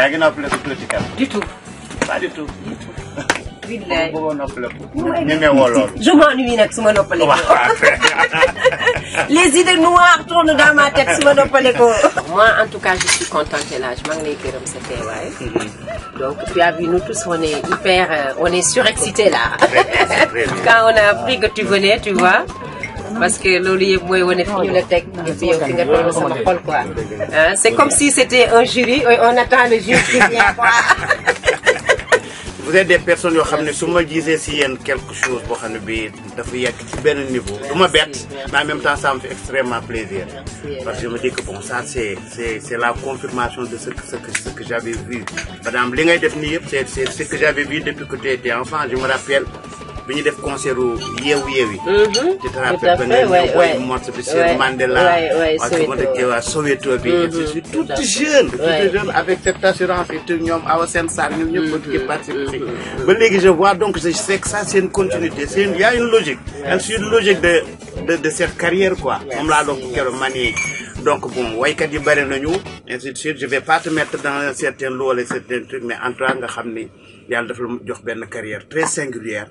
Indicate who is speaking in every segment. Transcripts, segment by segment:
Speaker 1: je m'ennuie nag su ma
Speaker 2: les idées noires tournent dans ma tête su ma moi en tout cas je suis contente El Hadj maa ngi lay gërëm mm-hmm. donc tu as vu nous tous on est euh, là. quand on a appris que tu venais tu vois. parce que loolu yëpp mooy wane fi ñu la teg et euh, puis comme si c'était un jury on attend le juge qui
Speaker 1: vous êtes des personnes yoo xam ne su ma gisee si yéen quelque chose boo xam ne bii dafa yegg ci benn niveau du ma bett mais en même temps ça me fait extrêmement plaisir parce que je me dis que bon ça c'est la confirmation de ce que j'avais vu par li ngay def nii yëpp c'est c'est ce que j'avais vu depuis que tu enfant je me rappelle bi ñu def concert yeewu yeew yi. Mhm. ci trappé beneen ñoom Boy Morse bi seen Mandela. waay waay Soweto Soweto bi. Mhm. je jeune. tout jeune avec cette assurance et tout ñoom Awa Sène Sarr ñoom ñëpp bëgg mhm. ba léegi je vois donc je sais que continuité c'est une y a une logique. waaw c'est une logique de de de cette carrière quoi. moom laa doon keroog manié. donc bon waykat yi bëri nañu ainsi de suite je pas te mettre dans un certain lot et certain truc mais en tout nga xam ni. yàlla dafa la jox benn carrière très singulière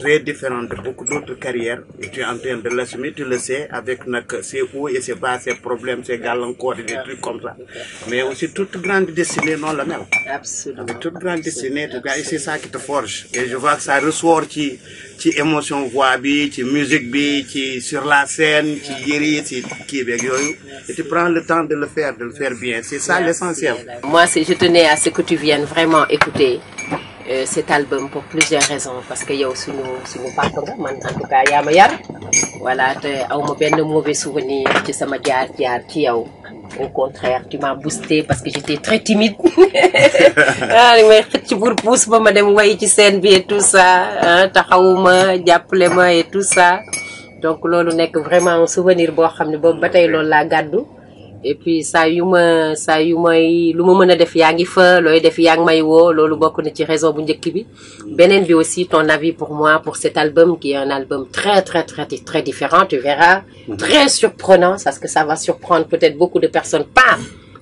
Speaker 1: très différente de beaucoup d'autres carrières et tu es en train de l'assumer tu le avec nag ses hauts et ses bas ses problèmes ses comme ça mais toute grande destinée noonu la mel toute grande destinée tu gars c'est ça qui te forge et je vois que ça ressort ci ci émotion voix bi ci musique bi ci sur la scène ci yëri ci kii beeg yooyu et tu le temps de le faire de le faire bien c'est ça l'essentiel moi
Speaker 2: je tenais Euh, cet album pour plusieurs raisons parce que yow suñu suñu papa nga man en tout cas yaa ma yar voilà te aw ma benn mauvais souvenir ci sama jaar jaar ci yow au contraire tu m'as boosté parce que j'étais très timide ah, may xëcc pour pousse ba ma dem way ci scène bi et tout ça taxawuma jàppale ma et tout ça donc loolu nekk vraiment un souvenir boo xam ne boobu ba tey loolu laa gàddu. et puis saa yu ma saa yu may lu ma mën a def yaa ngi fa looy def yaa ngi may woo loolu bokk na ci raison bu njëkk bi beneen bi aussi ton avis pour moi pour cet album qui est un album très très très très différent tu verras mhm. très surprenant parce que ça va surprendre peut-être beaucoup de personnes pas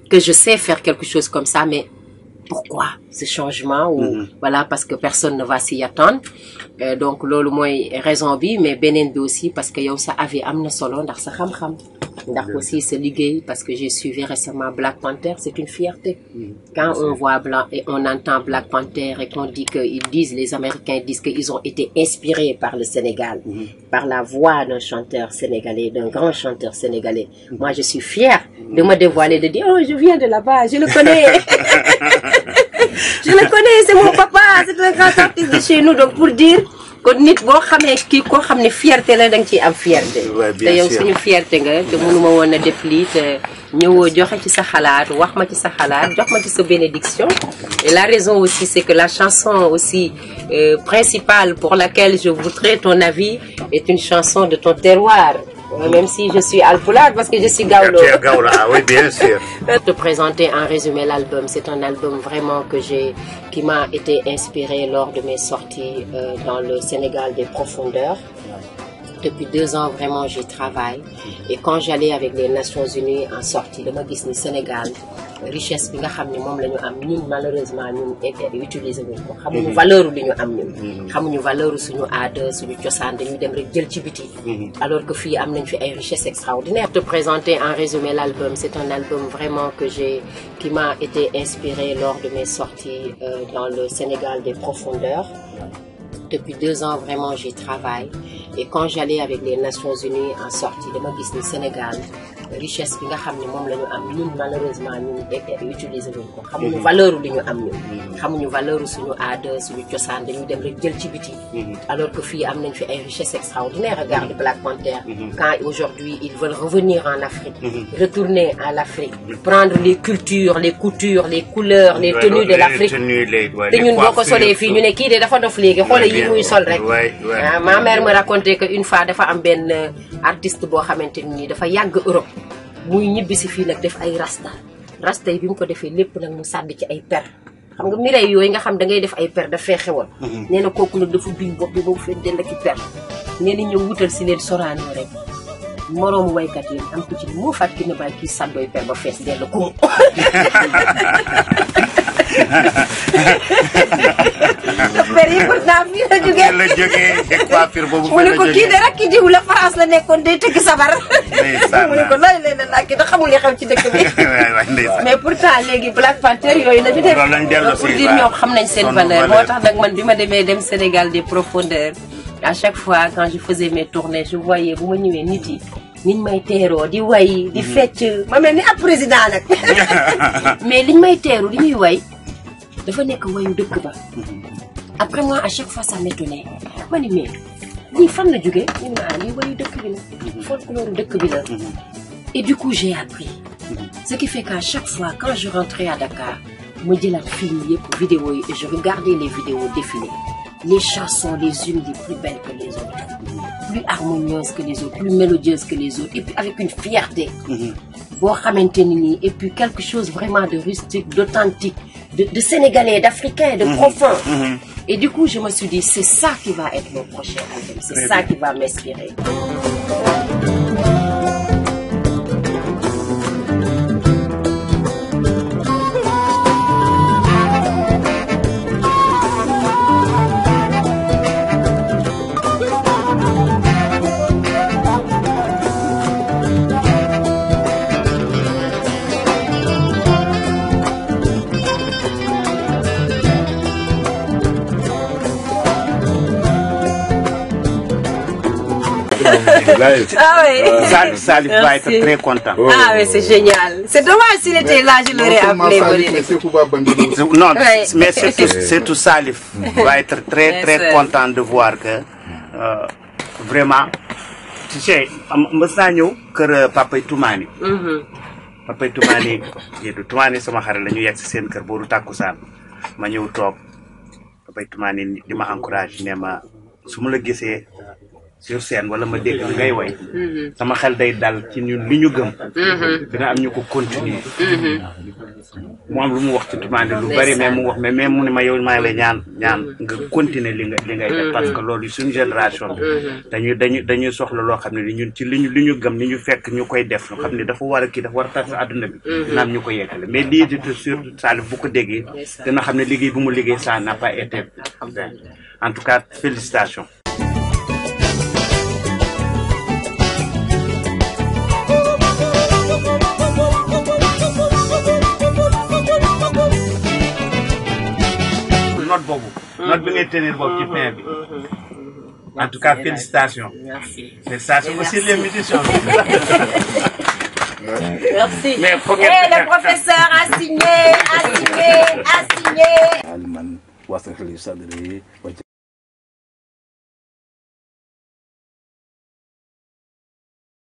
Speaker 2: que je sais faire quelque chose comme ça mais pourquoi ce changement ou mm -hmm. voilà parce que personne ne va s'y attendre euh, donc loolu mooy raison bi mais beneen bi aussi parce que yow sa avis am na solo ndax sa xam-xam ndax aussi sa liggéey parce que j'ai suivi récemment Black Panther c'est une fierté mm. quand on voit blanc et on entend Black Panther et qu'on dit que ils disent les Américains disent qu'ils ont été inspirés par le Sénégal mm. par la voix d'un chanteur sénégalais d'un grand chanteur sénégalais mm. moi je suis fière de me dévoiler de dire oh je viens de là-bas je le connais je le connais c'est mon papa c'est un grand artiste de chez nous donc pour dire kon nit boo xamee kii koo xam ne fierté la da nga ciy am fierté. te yow suñu fierté nga te mënuma woon a def lii te ñëwoo joxe ci sa xalaat wax ma ci sa xalaat jox ma ci sa bénédiction. et la raison aussi c'est que la chanson aussi euh, principale pour laquelle je voudrais ton avis est une chanson de ton terroir. même si je suis Alpulaar parce que je suis Gawlo. tu es Gawlo, ah oui, bien sûr. te présenter en résumé l'album c'est un album vraiment que j'ai qui m'a été inspiré lors de mes sorties euh, dans le Sénégal des profondeurs. depuis deux ans vraiment j'y travaille et quand j'allais avec les Nations Unies en sortie dama gis ni Sénégal richesse bi nga xam ne moom la ñu am ñun malheureusement ñun utiliser wuñ ko xamuñu mhm. valeur li ñu am ñun mhm. xamuñu valeur suñu aada suñu cosaan dañuy dem rek jël ci biti mhm. alors que fii am nañ fi ay richesse extraordinaire te présenter en résumé l'album c'est un album vraiment que j'ai qui m'a été inspiré lors de mes sorties euh, dans le Sénégal des profondeurs depuis deux ans vraiment j'y travaille et quand j'allais avec les Nations Unies en sortie dama gis ni Sénégal richesse bi nga xam ne moom la ñu am ñun malheureusement ñun DPV utiliser wuñ ko. Mhm. ñu am ñun. Mhm. xamuñu valeur cosaan dañu dem rek jël ci biti. Mhm. alors que fii nañ fi ay richesse extraordinaire regarde Black en Afrique. retourner à l'Afrique. prendre les cultures les coutures les couleurs les tenues de l'Afrique
Speaker 1: te solee fii ñu ne kii
Speaker 2: de dafa dof léegi xoolal yi muy sol rek. Ah, ma mère me raconté que une fois dafa am benn euh, artiste boo xamante nii dafa yàgg Europe. muy ñibbi si fii nag def ay rasta rasta yi bi mu ko defee lépp nag mu sàdd ci ay per xam nga miray yooyu nga xam da ngay def ay per daf fee xewoon mhm. nee na kooku nag dafa biñ bopp bi ba mu fee dend ak i per nee na ñëw wutal si leen soraanoo rek yi am ku ci ni moo faat per ba fees dell ko ndax
Speaker 1: per boobu mu ne ko kii de
Speaker 2: ki jiw la la nekkoon day tëgg sabar
Speaker 1: mu ne ko
Speaker 2: lay lay ki da xamul li ci dëkk bi. mais pourtant léegi Black Panther yooyu la ñu def. pour dire ñoom xam nañ seen valeur. moo tax nag man bi ma demee dem Sénégal des profondeurs. à chaque fois quand je faisais mes tournées je voyais bu ma ñëwee nit yi. niñ may teeroo di way di mm-hmm. fecc. ma mel ni ab président nag. mais liñ may teeru li ñuy way dafa nekk wayu dëkk ba. Mm-hmm. après moi à chaque fois ça m'étonnait ma ni mais lii fan la jógee ñu ne ah lii wayu dëkk bi la mm-hmm. folklore dëkk Et du coup, j'ai appris. Mhm. Ce qui fait qu'à chaque fois, quand je rentrais à Dakar, me dit la fille pour vidéo et je regardais les vidéos défiler. Les chansons, les unes des plus belles que les autres, mhm. plus harmonieuses que les autres, plus mélodieuses que les autres, et puis avec une fierté. Mhm. Bon, mm et puis quelque chose vraiment de rustique, d'authentique, de, de, sénégalais, d'africain, de profond. Mm -hmm. Et du coup, je me suis dit, c'est ça qui va être mon prochain album, c'est ça bien. qui va m'inspirer.
Speaker 1: Ah oui. Salif, Salif va être très content. Ah oh. Ah oui,
Speaker 2: c'est génial. C'est dommage s'il était là, je l'aurais appelé. Salif,
Speaker 1: non, ouais. mais c'est tout Salif va être très très content de voir que euh, vraiment tu sais, mës naa ñëw kër euh, Papay Toumani. Mhm. Papay Toumani Diédou Toumani sama xarit la ñu yegg si seen kër booru tàkkusaan ma ñëw Papay Toumani di encourage ne ma su ma la gisee sur scène wala ma dégg li ngay way mm-hmm. sama xel day dal ci ñun li ñu gëm mm-hmm. dina am ñu ko continuer mm-hmm. mu am lu mu wax ci tumaandi lu bari mais mu wax mais mais mu ne ma yow maa la ñaan ñaan nga continuer li nga li ngay def parce que loolu suñu génération bi dañuy dañu dañuy soxla loo xam ne ni ñun ci liñu li ñu gëm ni ñu fekk ñu koy def lu xam ne dafa war a kii dafa war a tas àdduna bi naam ñu ko yeggale mais lii di surtout Salif bu ko déggee dina xam ne liggéey bu mu liggéey ça n'a pas été en tout cas félicitations maintenir boobu ci fin bi mmh.
Speaker 2: en tout cas félicitations.
Speaker 1: merci félicitations aussi les musiciens. merci mais eh, le
Speaker 2: professeur a signé a signé
Speaker 1: a signé.